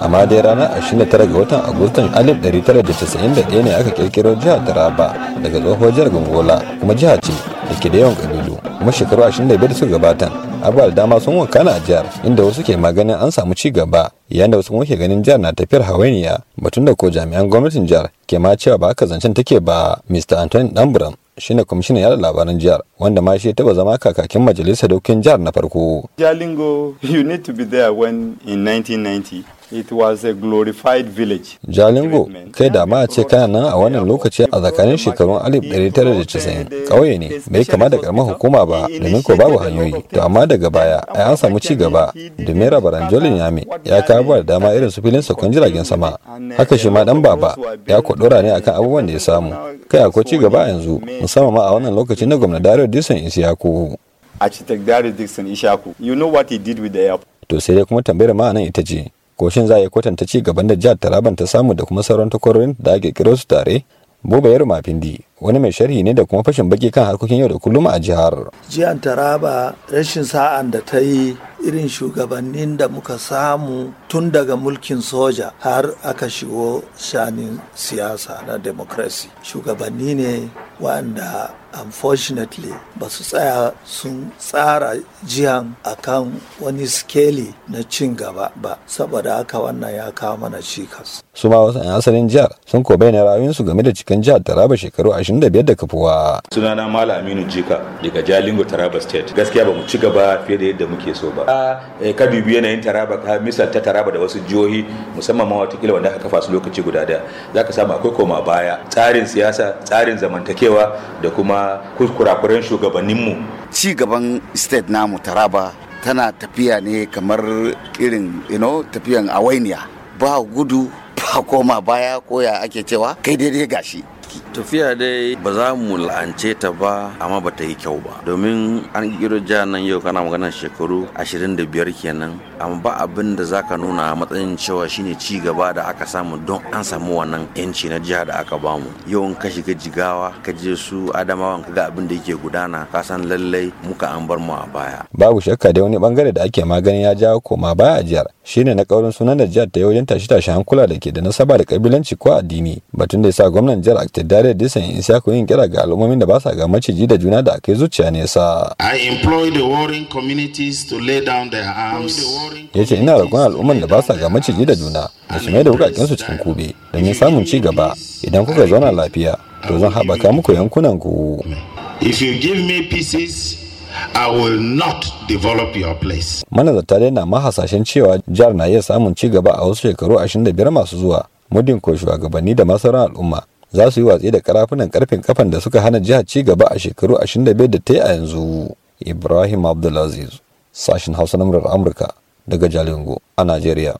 amma dai ranar 29 ga watan agustan 1991 ne aka kirkiro jihar taraba daga tsohuwar jihar gongola kuma jiha ce da ke da yawan kabilu kuma shekaru 25 da suka gabata abubuwa da dama sun wakana a jihar inda wasu ke maganin an samu ci gaba yayin da wasu kuma ke ganin jihar na tafiyar hawainiya batun da ko jami'an gwamnatin jihar ke ma cewa ba haka zancen take ba mr anthony dambram shine kwamishinan yada labaran jihar wanda ma shi taba zama kakakin majalisa dokin jihar na farko. Jalingo, you need to be there when in 1990 It was a glorified village. Jalingo, kai da ma ce kana nan a wannan lokaci a tsakanin shekarun 1990 ƙauye ne bai kama da karamar hukuma ba domin ko babu hanyoyi. To amma daga baya ai an samu ci gaba domin rabaran Jolin yami ya kawo da dama irin su filin sakon jiragen sama. Haka shi ma dan baba ya ko dora ne akan abubuwan da ya samu. Kai akwai ci gaba yanzu musamman ma a wannan lokacin na gwamna Dario Dixon A Architect Dario Dixon Ishaku, you know what he did with the airport. To sai dai kuma tambayar ma nan ita ce, koshin za a yi kwatanta ci gaban da jihar Taraban ta samu da kuma sauran takwarorin da ake kira su tare? Boba Yaro Mafindi wani mai sharhi ne da kuma fashin baki kan harkokin yau da kullum a jihar. Jihar Taraba rashin sa'an da ta yi irin shugabannin da muka samu tun daga mulkin soja har aka shigo shanin siyasa na demokrasi shugabanni ne wanda unfortunately ba su tsaya sun tsara jihan akan wani skeli na cin gaba ba saboda haka wannan ya kawo mana cikas su ma wasu asalin jihar sun ko bayyana ra'ayoyinsu game da cikin jihar taraba shekaru 25 da kafuwa sunana malam aminu jika daga jalingo taraba state gaskiya ba mu ci gaba fiye da yadda muke so ba Eh, ka bibi yanayin taraba ka misal ta taraba da wasu jihohi musamman ma watakila wanda aka kafa su lokaci guda da za ka samu akwai koma baya tsarin siyasa tsarin zamantakewa da kuma kurakuren shugabanninmu ci gaban state namu taraba tana tafiya ne kamar irin you know, tafiyan awainiya ba gudu ba koma baya ko ya ake cewa kai daidai gashi tafiya dai ba za mu la'ance ta ba amma ba ta yi kyau ba domin an kiro jihar nan yau kana magana shekaru 25 kenan amma ba abin da ka nuna a matsayin cewa shine ci gaba da aka samu don an samu wannan yanci na jiha da aka bamu yau in ka shiga jigawa ka je su adamawan ka ga abin da yake gudana ka san lallai muka an bar mu a baya babu shakka da wani bangare da ake maganin ya jawo koma baya a jihar shine na kaurin sunan da jihar ta wajen tashi tashi hankula da ke da nasaba da kabilanci ko addini batun da yasa gwamnan jihar Dare Disan Isa ku yin kira ga al'ummomin da ba sa ga maciji da juna da ake zuciya nesa. I employ the warring communities to lay down their arms. Yace ina roƙon al'umman da ba sa ga maciji da juna da su mai da wukakensu cikin kube domin samun ci gaba idan kuka zauna lafiya to zan haɓaka muku yankunan ku. If you give me pieces, I will not develop your place. Manazarta dai na mahasashen cewa jihar na iya samun ci gaba a wasu shekaru 25 masu zuwa muddin ko shugabanni da masaran al'umma za su yi watsi da karafunan karfin kafan da suka hana jihar ci gaba a shekaru 25 da ta yi a yanzu ibrahim abdulaziz sashen hausa na murar amurka daga jalingo a najeriya